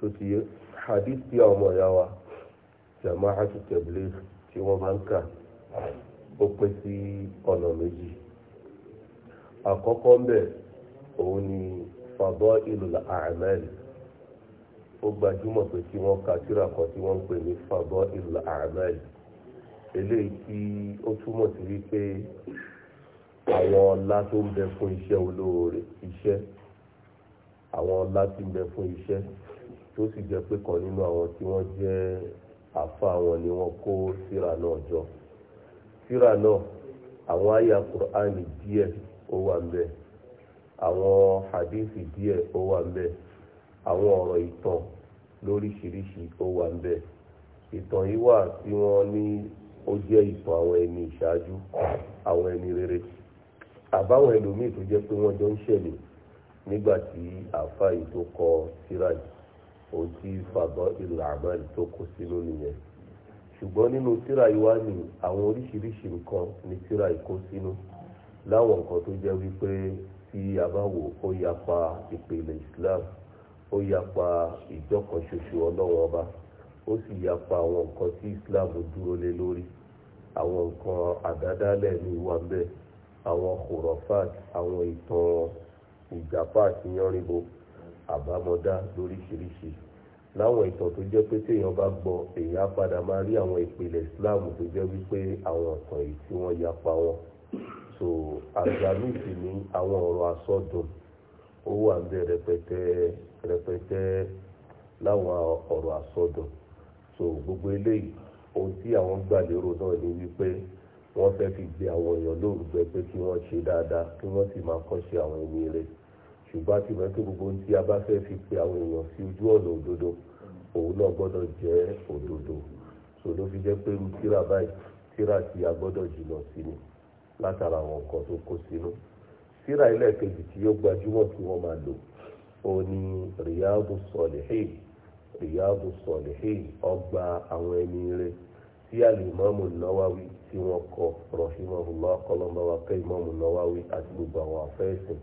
sòtì hadith tí àwọn ọmọ ìyá wa jama'atu tabligh tí wọ́n máa ń kà ó pín sí ọ̀nà méjì àkọ́kọ́ ń bẹ̀ òun ni fadailul a'mal ó gbajúmọ̀ pé tí wọ́n ka tírà kan tí wọ́n ń pè ní fadailul a'mal eléyìí tí ó túmọ̀ sí wípé àwọn ọlá tó ń bẹ fún iṣẹ́ olóore iṣẹ́ àwọn ọlá tí ń bẹ fún iṣẹ́ tó sì jẹ pé kan nínú àwọn tí wọ́n jẹ́ àfa wọn ni wọ́n kó síra náà jọ síra náà àwọn àyà Kùránì díẹ̀ ó wà ń bẹ̀ àwọn hadithi díẹ̀ ó wà ń bẹ̀ àwọn ọ̀rọ̀ ìtàn lóríṣiríṣi ó wà ń bẹ̀ ìtàn yìí wà tí ní ó ìtàn rere àbáwọn ẹlòmíì tó pé jọ ń nígbà tí yìí tó kọ síra yìí òun tí fàbọ̀ ìlú àmàlì tó kó sínú nìyẹn ṣùgbọ́n nínú tírà yìí wá ní àwọn oríṣiríṣi nǹkan ní tírà yìí kó sínú láwọn nǹkan tó jẹ́ wípé tí a bá wò ó yapa ìpìlẹ̀ Islam ó yapa ìjọkan ṣoṣo ọlọ́wọ́n ọba ó sì yapa àwọn nǹkan tí Islam dúró lé lórí àwọn nǹkan àdádálẹ̀ ní ìwà bẹ́ẹ̀ àwọn kòrọ̀fàt àwọn ìtàn ìjàpá àti yánribo àbámọ̀dá lóríṣiríṣi láwọn ìtàn tó jẹ́ pé téèyàn bá gbọ́ èèyàn á padà máa rí àwọn ìpìlẹ̀ Islam tó jẹ́ wípé àwọn ọ̀tàn yìí tí wọ́n pa wọn so àgbàlùsì ní àwọn ọ̀rọ̀ asọ́dùn ó wà ń bẹ rẹpẹtẹ rẹpẹtẹ láwọn ọ̀rọ̀ asọ́dùn so gbogbo eléyìí ohun tí àwọn gbàlérò náà ní wípé wọ́n fẹ́ fi gbé àwọn èèyàn gbẹ pé kí wọ́n ṣe dáadáa kí wọ́n sì máa kọ́ ṣe àwọn ẹni rẹ̀ ṣùgbọ́n àti mọ̀ gbogbo ohun tí a bá fẹ́ fi pe àwọn èèyàn sí ojú ọ̀nà òdodo òun náà gbọ́dọ̀ jẹ́ òdodo tó fi jẹ́ pé irú tíra báyìí tíra tí a gbọ́dọ̀ jìnnà sí ni látara àwọn nǹkan tó kó sínú tíra ilé kejì tí yóò gbajúmọ̀ tí wọ́n máa lò ni Riyadu Salihin Riyadu Salihin ọgbà àwọn ẹni rẹ tí tí wọ́n kọ kẹ́ àti gbogbo àwọn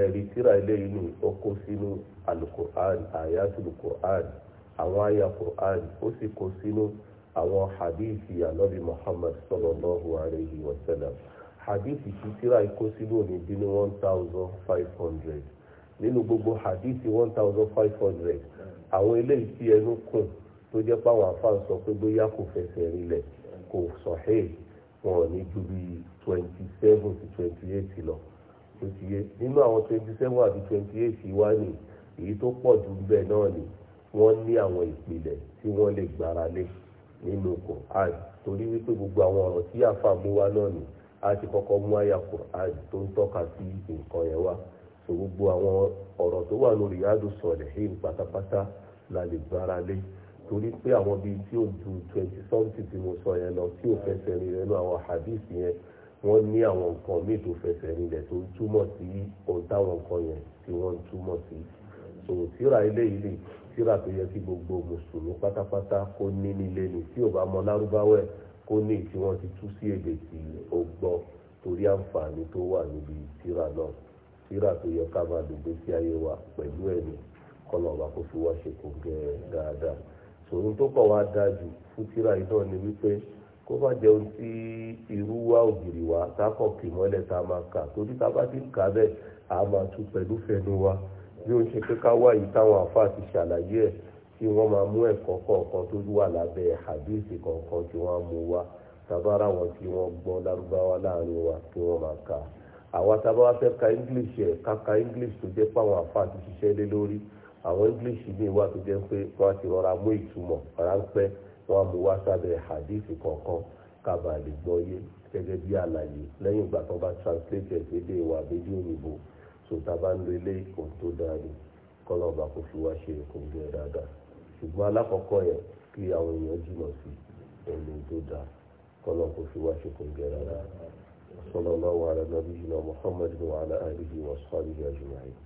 ẹ̀rí tíra eléyìí ni ó kó sínú alukur'an ayatul àwọn àyà kur'an ó sì kó sínú àwọn hadithi anabi muhammad sallallahu alayhi wa sallam hadithi tí tíra kó sínú ní one thousand five hundred nínú gbogbo hadithi one thousand five hundred àwọn eléyìí tí ẹnu kùn tó jẹ́ pé àwọn afáàn sọ pé bóyá kò fẹsẹ̀ rinlẹ̀ kò sọ̀hẹ́ wọn ò lọ. tó ti yé nínú àwọn twenty seven àti twenty eight wá ní èyí tó pọ̀ jù bẹ́ẹ̀ náà ni wọ́n ní àwọn ìpìlẹ̀ tí wọ́n lè gbára lé nínú Quran torí wípé gbogbo àwọn ọ̀rọ̀ tí àfa mú wá náà ni a ti kọ́kọ́ mú àyà Quran tó ń tọ́ka sí nǹkan yẹn wá so gbogbo àwọn ọ̀rọ̀ tó wà lórí Riyadu Salihin pátápátá la lè gbára lé torí pé àwọn bíi tí ó ju twenty something tí mo sọ yẹn lọ tí o fẹsẹ̀ rìn rẹ̀ wọ́n ní àwọn nǹkan míì tó fẹsẹ̀ nílẹ̀ tó túmọ̀ sí ohun táwọn nǹkan yẹn tí wọ́n ń túmọ̀ sí so tíra eléyìí lè tíra tó yẹ kí gbogbo mùsùlùmí pátápátá kó ní nílé ni tí ò bá mọ lárúbáwẹ̀ kó ní tí wọ́n ti tú sí èdè tí ó gbọ́ torí àǹfààní tó wà níbi tíra náà tíra tó yẹ ká máa dùgbé sí ayé wa pẹ̀lú ẹ̀mí kọ́nà ọba kó fi wá ṣe kò gẹ́ dáadáa sòun tó kọ̀ wá dájú fún tíra yìí náà ni wípé kó má jẹ́ ohun tí irú wa ògiri wa sákọ̀ kì mọ́lẹ̀ tá a máa kà torí tá a bá ti kà bẹ́ẹ̀ a máa tú pẹ̀lú fẹnu wa bí ó ń ṣe pé ká wá yìí táwọn àfáà ti ṣàlàyé ẹ̀ tí wọ́n máa mú ẹ̀kọ́ kọ̀ọ̀kan tó wà lábẹ́ hadisi kọ̀ọ̀kan tí wọ́n á mú wa tabara wọn tí wọ́n gbọ́ lárúbáwá láàrin wa tí wọ́n máa kà àwa tabara fẹ́ ka english ẹ̀ ká ka english tó jẹ́ pé àwọn àfáà ti ṣiṣẹ́ lé lórí àwọn english míì wà tó jẹ́ pé wọ́n ti rọra mú ìtumọ̀ ráńpẹ́ wọ́n á mú wá sábẹ́ hadith kọ̀ọ̀kan kábà lè gbọ́ yé gẹ́gẹ́ bí àlàyé lẹ́yìn ìgbà tó bá translate ẹ̀sìn èdè ìwà àbẹ́dí òyìnbó sòtá bá ń lo ilé ìkùn tó dáa ni kọ́lọ̀ kò fi wá ṣe ìkùn gbé dáadáa ṣùgbọ́n alákọ̀ọ́kọ́ yẹn kí àwọn èèyàn jùlọ sí ẹni tó dáa kọ́lọ̀ kò fi wá ṣe ìkùn gbé dáadáa. sallallahu ala nabiyyina muhammadin wa ala alihi wa sahbihi ajma'in.